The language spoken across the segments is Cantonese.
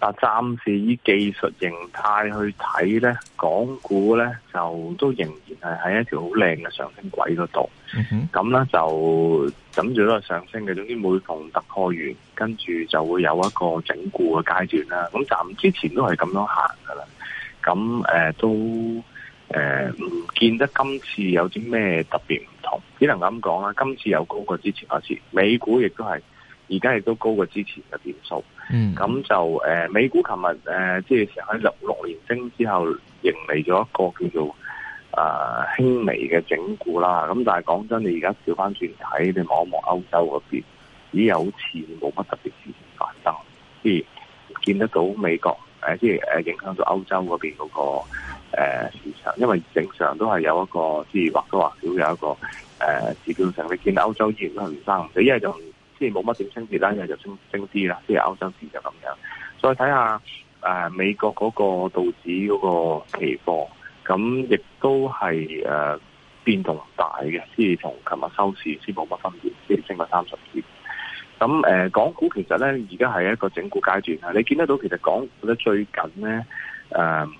但暫時以技術形態去睇呢，港股呢就都仍然係喺一條好靚嘅上升軌嗰度，咁呢、嗯、哼就枕住都上升嘅。總之每逢突破完，跟住就會有一個整固嘅階段啦。咁暫之前、呃、都係咁樣行㗎啦，咁誒都誒唔見得今次有啲咩特別唔同，只能咁講啦。今次有高過之前一次，美股亦都係。而家亦都高過之前嘅點數，咁、嗯、就誒、呃、美股琴日誒，即係成日喺六六年升之後，迎嚟咗一個叫做誒、呃、輕微嘅整固啦。咁但係講真，你而家調翻轉睇，你望一望歐洲嗰邊，已有似冇乜特別事情發生，即係見得到美國誒、呃，即係誒影響到歐洲嗰邊嗰、那個、呃、市場，因為正常都係有一個即係或多或少有一個誒、呃、指標性。你見到歐洲依然都係唔生，唔死，因為就。即係冇乜點升跌啦，因為就升升啲啦，即係歐洲市就咁樣。再睇下誒美國嗰個道指嗰個期貨，咁亦都係誒、呃、變動唔大嘅，即係同琴日收市先冇乜分別，即係升咗三十點。咁誒、呃、港股其實咧而家係一個整固階段啊，你見得到其實港股咧最近咧誒，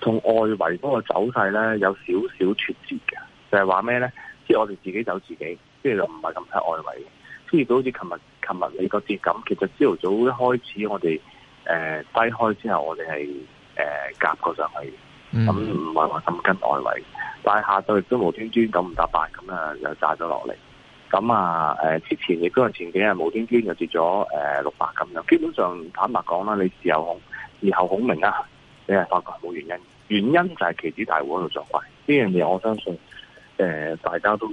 同、呃、外圍嗰個走勢咧有少少脫節嘅，就係話咩咧？即係我哋自己走自己，即係就唔係咁睇外圍跌到好似琴日，琴日美國節咁。其實朝頭早一開始我，我哋誒低開之後我，我哋係誒夾過上去。咁唔係話咁跟外圍，但係下晝亦都無端端咁唔搭八，咁啊又炸咗落嚟。咁啊誒，之前亦都係前幾日無端端又跌咗誒六百咁。咁、呃、基本上坦白講啦，你事後孔，事後孔明啊，你係發覺冇原因，原因就係期指大戶喺度作怪。呢樣嘢我相信，誒、呃、大家都。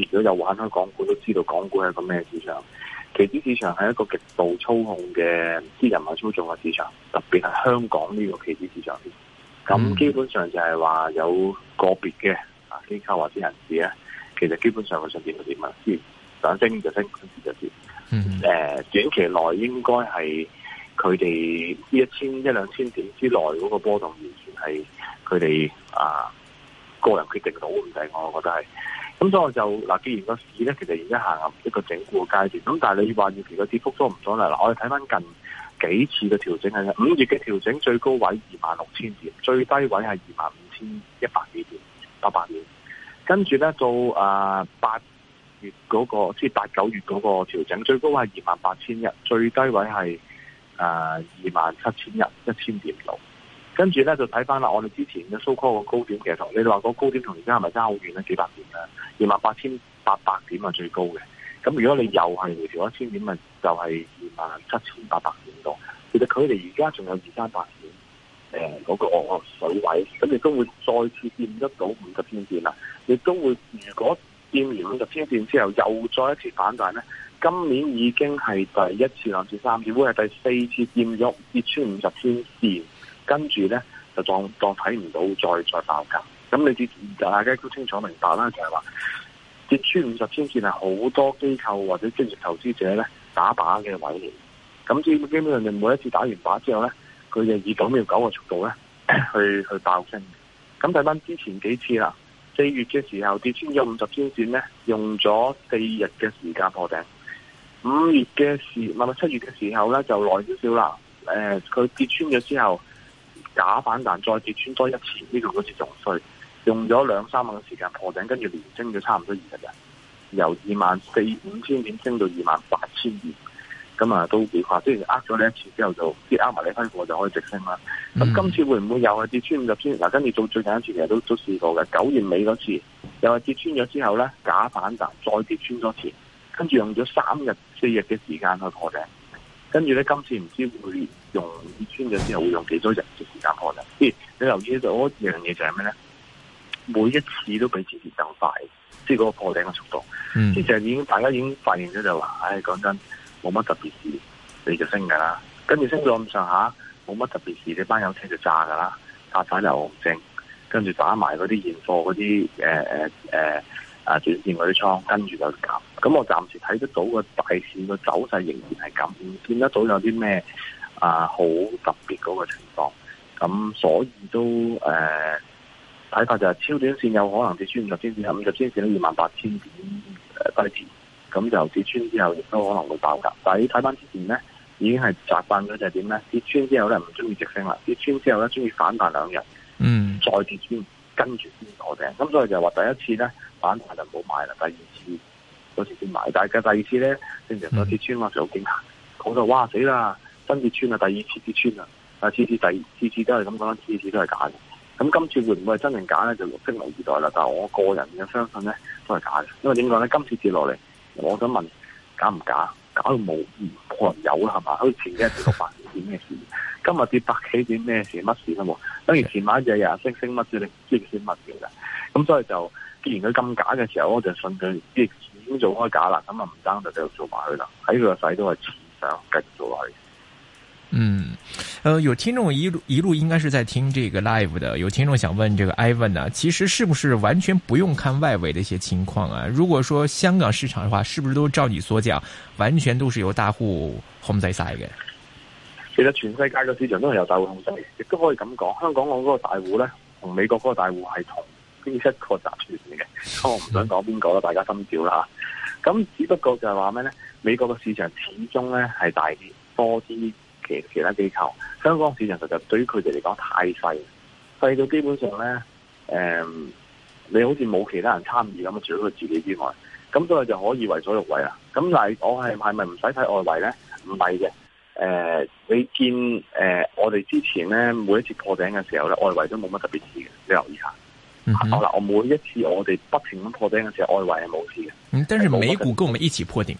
如果有玩開港股，都知道港股係一個咩市場。期指市場係一個極度操控嘅，啲人物操縱嘅市場，特別係香港呢個期指市場。咁基本上就係話有個別嘅啊機構或者人士咧，其實基本上佢想點就點啊，先上升就上升，跌就跌。誒、嗯嗯呃，短期內應該係佢哋呢一千一兩千點之內嗰個波動，完全係佢哋啊個人決定到嘅，我覺得係。咁所以就嗱，既然個市咧，其實而家行入一個整固嘅階段。咁但係你話以期個跌幅都唔多啦。嗱，我哋睇翻近幾次嘅調整係，五月嘅調整最高位二萬六千點，最低位係二萬五千一百幾點八百點。跟住咧到誒八、呃、月嗰、嗰個，即係八九月嗰個調整，最高位係二萬八千一，最低位係誒二萬七千一，一、呃、千 100, 點六。跟住咧就睇返啦，我哋之前嘅收 call 嘅高點嘅時候，你話個高點同而家係咪爭好遠咧？幾百點咧？二萬八千八百點係最高嘅。咁如果你又係回調一千點，咪就係二萬七千八百點度。其實佢哋而家仲有二三百點，誒、呃，嗰、那個那個水位，咁亦都會再次見得到五十天線啦。亦都會，如果見完五十天線之後，又再一次反彈咧，今年已經係第一次、兩次、三次，會係第四次見咗跌穿五十天線。跟住咧就當當睇唔到再，再再爆價。咁你跌，大家都清楚明白啦。就係話跌穿五十天線係好多機構或者專業投資者咧打靶嘅位嚟。咁基基本上，就每一次打完靶之後咧，佢就以九秒九嘅速度咧去去爆升。咁睇翻之前幾次啦，四月嘅時候跌穿咗五十天線咧，用咗四日嘅時間破頂。五月嘅時，咪咪七月嘅時候咧就耐少少啦。誒、呃，佢跌穿咗之後。假反彈再跌穿多一次，呢、呢個嗰次仲衰，用咗兩三日嘅時間破頂，跟住連升咗差唔多二十日，由二萬四五千點升到二萬八千點，咁啊都幾快，即係呃咗你一次之後就，就跌呃埋呢批貨就可以直升啦。咁、嗯、今次會唔會又係跌穿五十天？嗱，跟住到最近一次其實都都試過嘅，九月尾嗰次又係跌穿咗之後咧，假反彈再跌穿咗一次，跟住用咗三日四日嘅時間去破頂。跟住咧，今次唔知會用穿咗之後會用幾多日嘅時間破呢？即你留意到一樣嘢就係咩咧？每一次都比之前更快，即係嗰個破頂嘅速度。即就、嗯、已經大家已經發現咗就話，唉、哎，講真，冇乜特別事，你就升㗎啦。跟住升到咁上下，冇乜特別事，你班友車就炸㗎啦，炸曬牛熊證，跟住打埋嗰啲現貨嗰啲，誒誒誒啊，短線嗰啲倉跟住就減，咁我暫時睇得到個大市個走勢仍然係咁，見見得到有啲咩啊好特別嗰個情況，咁所以都誒睇、呃、法就係超短線有可能跌穿五十天線，五十天線都二萬八千點低點，咁、呃、就跌穿之後亦都可能會爆噶。但係睇返之前咧，已經係習慣咗就係點咧？跌穿之後咧唔中意直升啦，跌穿之後咧中意反彈兩日，嗯，再跌穿。嗯跟住先攞定，咁所以就話第一次咧反彈就唔好買啦，第二次有次跌埋，但係嘅第二次咧，正正有次跌穿話就好驚嚇，我話哇死啦，真跌穿啊，第二次跌穿啊，啊次次第次次都係咁講啦，次次都係假嘅，咁今次會唔會係真定假咧？就由兵來二代啦，但係我個人嘅相信咧都係假嘅，因為點講咧？今次跌落嚟，我想問假唔假？假到冇，冇人有啦，係嘛？好似前一次咁。跌咩事？今日跌百幾點咩事？乜事啦？等住前晚日日升升乜事？你知唔知乜嘢噶？咁所以就，既然佢咁假嘅時候，我就信佢，即係已經做開假啦，咁啊唔爭就繼續做埋佢啦，喺佢個使都係錢上，繼續做落去。嗯，誒、呃，有聽眾一路一路應該是在聽這個 live 嘅。有聽眾想問這個 Ivan 啊，其實是不是完全不用看外圍的一些情況啊？如果說香港市場嘅話，是不是都照你所講，完全都是由大戶 homestay 嘅？其實全世界嘅市場都係有大戶控制，亦都可以咁講。香港我嗰個大戶咧，同美國嗰個大戶係同邊一個集團嘅，我唔想講邊個啦，大家心照啦吓。咁只不過就係話咩咧？美國嘅市場始終咧係大啲，多啲其其他機構。香港市場其實對於佢哋嚟講太細，細到基本上咧，誒、嗯，你好似冇其他人參與咁，除咗佢自己之外，咁所以就可以為所欲為啦。咁但係我係係咪唔使睇外圍咧？唔係嘅。誒、呃，你見誒、呃，我哋之前咧每一次破頂嘅時候咧，外圍都冇乜特別事嘅，你留意下。好啦、嗯哼啊，我每一次我哋不停咁破頂嘅時候，外圍係冇事嘅。嗯，但是美股跟我哋一起破頂，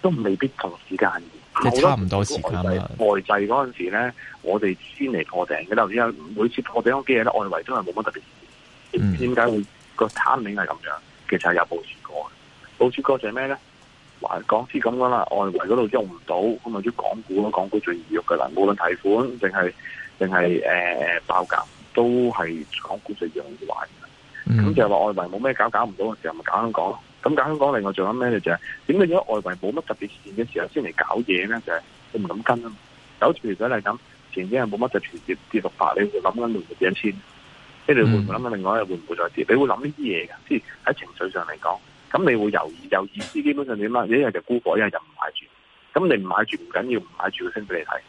都未必同時間，係差唔多時間。外制嗰陣時咧，我哋先嚟破頂嘅啦。之後每次破頂嘅幾日咧，外圍都係冇乜特別事。唔知點解會個產品係咁樣，其實係有冇部署過？冇部署過就係咩咧？還講啲咁噶啦，外圍嗰度用唔到，咁咪轉港股咯？港股最易喐噶啦，無論提款定係定係誒爆價，都係港股最易用啲還嘅。咁就係話外圍冇咩搞，搞唔到嘅時候咪搞香港咯。咁搞香港，香港另外仲有咩咧就係、是，點解如果外圍冇乜特別事嘅時候先嚟搞嘢咧？就係、是、你唔敢跟啊嘛。有除咗你諗，前幾日冇乜就逐漸跌六百，你會諗緊連續一千，即係會唔會諗緊另外一日會唔會再跌？你會諗呢啲嘢嘅，即係喺情緒上嚟講。咁你會猶豫猶豫，思基本上點啊？一日就沽貨，一日就唔買住。咁你唔買住唔緊要，唔買住佢升俾你睇。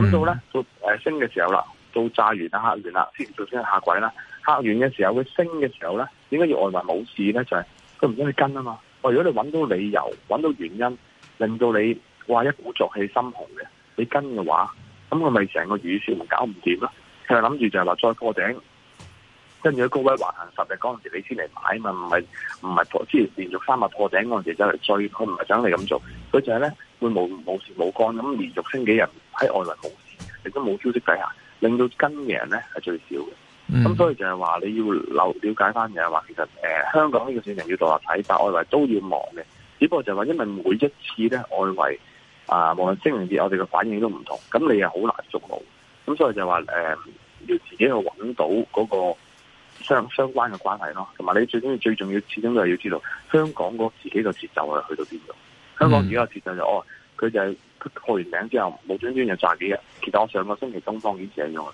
咁到咧，mm hmm. 到升嘅時候啦，到炸完啦、黑完啦，先做先下軌啦。黑完嘅時候，佢升嘅時候咧，點解要外圍冇事咧？就係佢唔中意跟啊嘛。哦，如果你揾到理由、揾到原因，令到你哇一鼓作氣心紅嘅，你跟嘅話，咁佢咪成個預算搞唔掂咯。佢諗住就係話再破頂。跟住喺高位橫行十日嗰陣時，你先嚟買嘛？唔係唔係，之前連續三日破頂嗰陣時走嚟追，佢唔係想你咁做，佢就係咧會冇冇事冇幹咁連續星期日喺外圍冇事，亦都冇消息底下，令到跟嘅人咧係最少嘅。咁、mm. 嗯、所以就係話你要留了解翻嘢，話其實、呃、香港呢個市場要獨立睇，但外圍都要忙嘅。只不過就係話，因為每一次咧外圍啊、呃、無論精明啲，我哋嘅反應都唔同，咁你又好難捉到。咁、嗯、所以就話、呃、要自己去揾到嗰、那個。相相關嘅關係咯，同埋你最緊要最重要，始終都係要知道香港嗰自己個節奏係去到邊度。香港而家個節奏就哦，佢就係、佢、破完頂之後冇端端就炸幾日。其實我上個星期東方已經試用啦，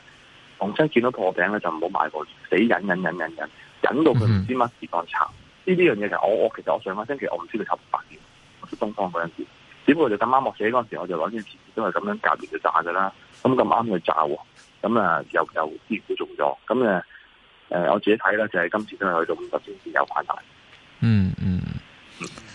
逢親見到破頂咧就唔好賣貨，死忍忍忍忍忍忍到佢唔知乜事當炒呢啲樣嘢。其實我我其實我上個星期我唔知佢炒唔炒嘅，我知東方嗰陣時，只不過就咁啱我寫嗰陣時候，我就攞啲錢都係咁樣隔住佢炸噶啦。咁咁啱佢炸，咁啊又又跌少咗，咁、呃、咧。誒，我自己睇啦，就係今次都係去到五十點先有反彈。嗯嗯。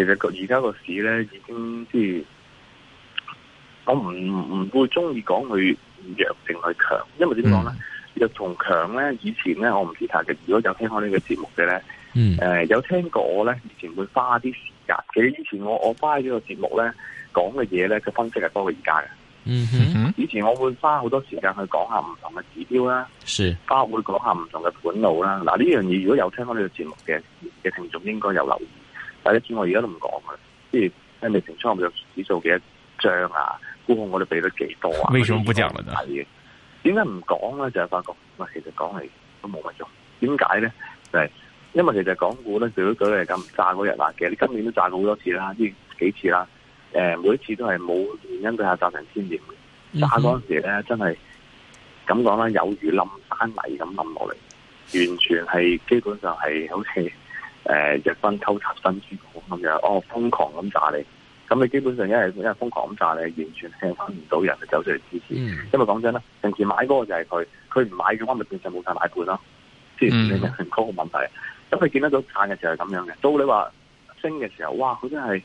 其實個而家個市咧，已經即係我唔唔會中意講佢弱定係強，因為點講咧？Mm hmm. 若同強咧，以前咧我唔知下嘅，如果有聽開呢個節目嘅咧，嗯、mm，誒、hmm. 呃、有聽過我咧，以前會花啲時間。其實以前我我花咗個節目咧講嘅嘢，咧嘅分析係多過而家嘅。嗯、mm hmm. 以前我會花好多時間去講下唔同嘅指標啦，是，花會講下唔同嘅盤路啦。嗱、啊、呢樣嘢，如果有聽開呢個節目嘅嘅聽眾，應該有留意。但一轉，我而家都唔講嘅，即係你平倉有指數幾多張啊？沽空我哋俾咗幾多啊？為什麼不講了呢？點解唔講咧？就係發覺，唔，其實講係都冇乜用。點解咧？就係因為其實港股咧，對佢嚟講，炸嗰日啦，其實，你今年都炸過好多次啦，呢幾次啦，誒，每一次都係冇原因對下炸成千點嘅，炸嗰陣時咧，真係咁講啦，有如冧山泥咁冧落嚟，完全係基本上係好似。誒、呃，日軍偷襲珍珠港咁樣，哦，瘋狂咁炸你，咁你基本上一係一瘋狂咁炸你，完全聽返唔到人去走出嚟支持，嗯、因為講真啦，平時買嗰個就係佢，佢唔買嘅話咪變成冇晒買盤咯，即係唔係嘅問題。咁佢見得到炸嘅時候係咁樣嘅，到你話升嘅時候，哇，佢真係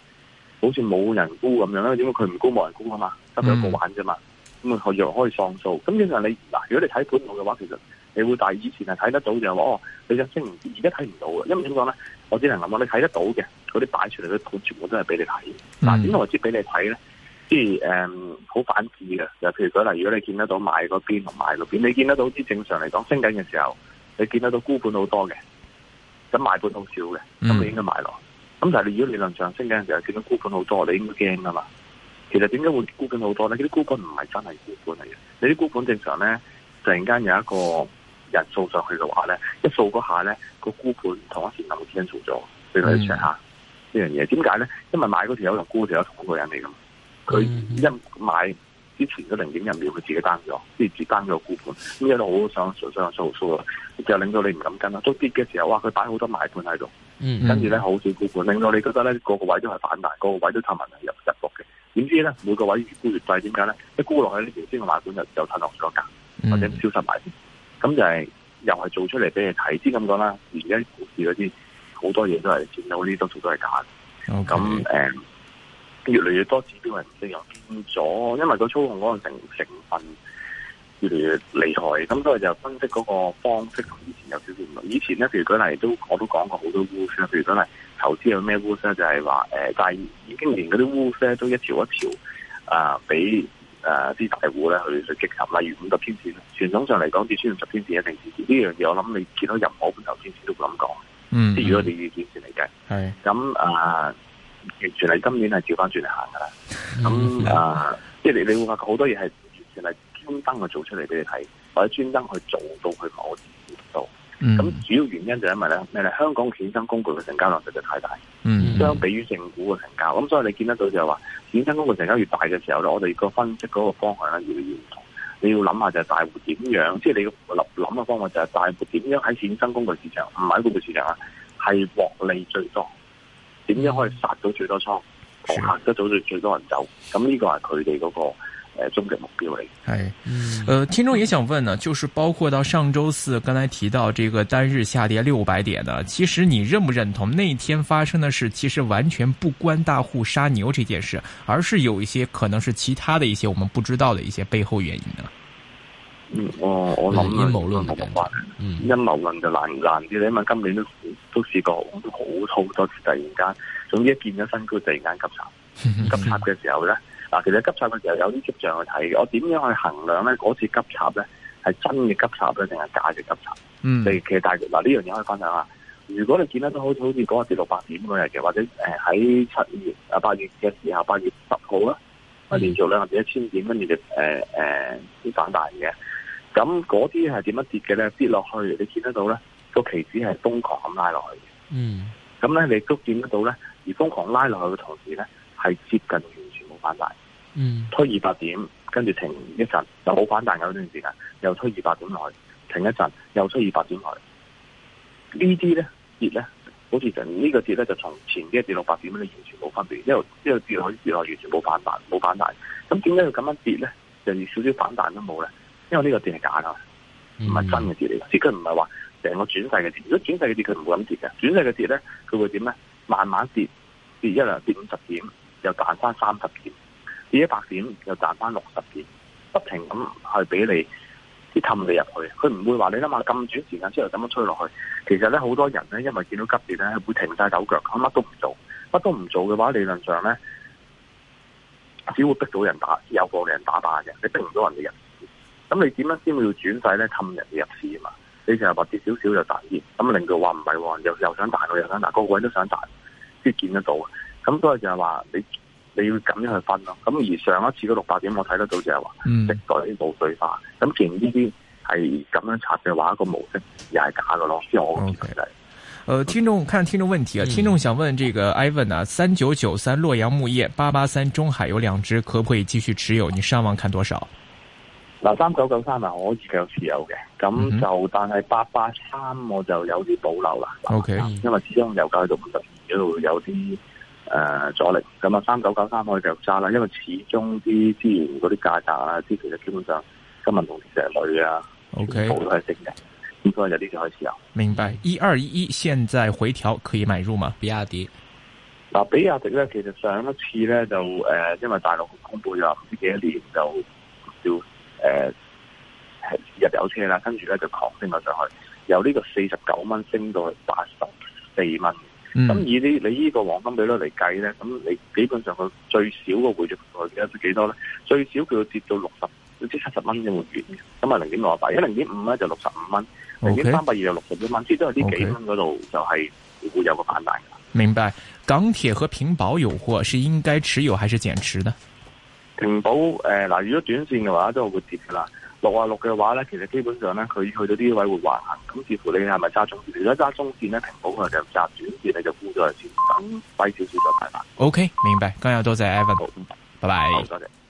好似冇人沽咁樣啦，點解佢唔沽？冇人沽啊嘛，得佢冇玩啫嘛。嗯咁佢又可以上訴，咁正常你嗱，如果你睇盤路嘅話，其實你會但以前係睇得到就係話，哦，你想升唔而家睇唔到嘅，因為點講咧？我只能諗話，你睇得到嘅嗰啲擺出嚟嘅盤，全部都係俾你睇。嗱，點解我知俾你睇咧？即係誒，好反智嘅。又譬如講，嗱，如果你見得到賣嗰邊同買嗰邊，你見得到啲正常嚟講升緊嘅時候，你見得到沽盤好多嘅，咁買盤好少嘅，咁你應該買落。咁、嗯、但係你如果理論上升緊嘅時候，見到沽盤好多，你應該驚噶嘛？其實點解會沽盤好多咧？嗰啲沽盤唔係真係沽盤嚟嘅。你啲沽盤正常咧，突然間有一個人數上去嘅話咧，一數嗰下咧個沽盤同一時間會 cancel 咗。你同佢 check 下呢樣嘢。點解咧？因為買嗰條友同沽嗰條友同一個人嚟噶嘛。佢一買之前都零點一秒佢自己單咗，即係自己單咗個沽盤。咁一路好想上上上就令到你唔敢跟啦。都跌嘅時候，哇！佢擺好多買盤喺度，跟住咧好少沽盤，令到你覺得咧個個位置都係反彈，個個位置都透明入入局嘅。點知咧？每個位置越沽越低，點解咧？一沽落去呢條先嘅買盤就就吞落咗價，mm hmm. 或者消失埋，咁就係、係、又係做出嚟俾你睇。先咁講啦，而家股市嗰啲好多嘢都係見到呢，多數都係假。咁 Okay.、嗯、越嚟越多指標係唔一樣又偏咗，因為個操控嗰個成成分越嚟越厲害。咁所以就分析嗰個方式同以前有少少唔同。以前咧，譬如嗰嚟都我都講過好多烏孫，譬如嗰嚟。投資有咩烏呢就係話誒，但係已經連嗰啲烏呢都一條一條啊，俾誒啲大戶咧去去擊沉啦，例如五十天線，傳統上嚟講，跌穿五十天線一定跌。呢樣嘢我諗你見到任何本頭天線都會咁講，嗯，嗯，即係如果你二十天線嚟嘅，係咁啊，完全係今年係照翻轉嚟行噶啦。咁啊，即係你你會發覺，好多嘢係完全係專登去做出嚟俾你睇，或者專登去做到去某啲程度。咁、嗯、主要原因就係因為咧，咪係香港衍生工具嘅成交量實在太大，相比於正股嘅成交，咁所以你見得到就係話，衍生工具成交越，越大嘅時候咧，我哋個分析嗰個方向咧，越要唔同，你要諗下就係大戶點樣，即，就，係，是，你諗諗嘅方法就係大戶點樣喺衍生工具市場，唔係股票市場啊，係獲利最多，點樣可以殺到最多倉，行得，得到最最多人走，咁呢，那個係佢哋嗰個。終極目標嘞。哎，嗯，呃，聽眾也想問呢，就是包括到上周四，剛才提到這個單日下跌六百點的，其實你認唔認同那天發生的事，其實完全不關大戶殺牛這件事，而是有一些可能是其他的一些我們不知道的一些背後原因呢？嗯，哦、我我諗啊，陰謀論冇辦法，陰謀論就難難啲你因今年都都試過，好好多次突然間，總之一見咗新高，突然間急插，急插嘅時候呢。嗱，其實急插嘅時候有啲跡象去睇嘅。我點樣去衡量咧？嗰次急插咧係真嘅急插咧，定係假嘅急插？嗯，mm. 例如其實大盤，嗱，呢樣嘢可以分享下。如果你見得到好似好似嗰日跌六百點嗰日嘅，或者誒喺、呃、七月啊八月嘅時候，八月十號啦，連續兩日跌一千點，跟住就誒誒先反彈嘅。咁嗰啲係點樣跌嘅咧？跌落去你見得到咧，個期指係瘋狂咁拉落去嘅。嗯，咁咧你都見得到咧，而瘋狂拉落去嘅同時咧，係接近完全冇反彈。推二百點，跟住停一陣，就冇反彈有段時間，又推二百點落去，停一陣，又推二百點落去。呢啲咧跌咧，好似成呢個跌咧，就從前呢一跌六百點咧，完全冇分別。因為因為跌去跌落，完全冇反彈，冇反彈。咁點解要咁樣跌咧？就要少少反彈都冇咧。因為呢個跌係假噶，唔係真嘅跌嚟嘅。而家唔係話成個轉勢嘅跌，如果轉勢嘅跌，佢唔會咁跌嘅。轉勢嘅跌咧，佢會點咧？慢慢跌，跌一兩跌五十點，又彈翻三十點。自己百點又賺翻六十點，不停咁去俾你，跌氹你入去，佢唔會話你諗下咁短時間之後點樣吹落去。其實咧，好多人咧，因為見到急跌咧，會停晒手腳，佢乜都唔做，乜都唔做嘅話，理論上咧，只會逼到人打，有貨嘅人打，打嘅，你逼唔到人哋入。咁你點樣先會轉勢咧？氹人哋入市啊嘛，你就係跌少，少少就賺啲，咁令到話唔係又又想彈，又想彈，個個人都想彈，即係見得到啊。咁所以就係話你。你要咁樣去分咯，咁而上一次嗰六百點我睇得到就係、嗯、話，即係有啲部序化，咁其實呢啲係咁樣拆嘅話，個模式又係假嘅咯。O K，誒，聽眾看聽眾問題啊，嗯、聽眾想問呢個 Ivan 啊，三九九三洛陽木業、八八三中海，有兩隻可唔可以繼續持有？你上望看多少？嗱，三九九三啊，我自己有持有嘅，咁就、嗯、哼但係八八三我就有啲保留啦。O Okay , K，因為始終油價喺度唔得，嗰度、嗯、有啲。誒、呃，阻力咁啊、嗯，三九九三可以繼續揸啦，因為始終啲資源嗰啲價格啊，啲其實基本上今日同石女啊，OK 都係升嘅，應該有啲就開始啦。明白，一二一一現在回調可以買入嘛？比亞迪？嗱、啊，比亞迪咧，其實上一次咧就誒、呃，因為大陸公布又唔知幾多年就少，誒、呃、日有車啦，跟住咧就狂升咗上去，由呢個四十九蚊升到去八十四蚊。咁、嗯、以你你呢個黃金比率嚟計咧，咁你基本上佢最少個匯值嘅幾多咧？最少佢要跌到六十，即七十蚊一個月咁啊零點六啊八，一零點五咧就六十五蚊，零點三百二就六十五蚊，即都係啲幾蚊嗰度就係會有個反彈嘅。明白。港鐵和平保有貨，是應該持有還是減持呢？平保誒、嗱、呃，如果短線嘅話，都會跌嘅啦。六啊六嘅話咧，其實基本上咧，佢去到呢啲位會橫行，咁似乎你係咪揸中線？如果揸中線咧，停好佢就揸短線咧就沽咗佢先，咁低少少再拜拜 OK，明白，今日多謝 Evan o 拜拜。多好謝，謝。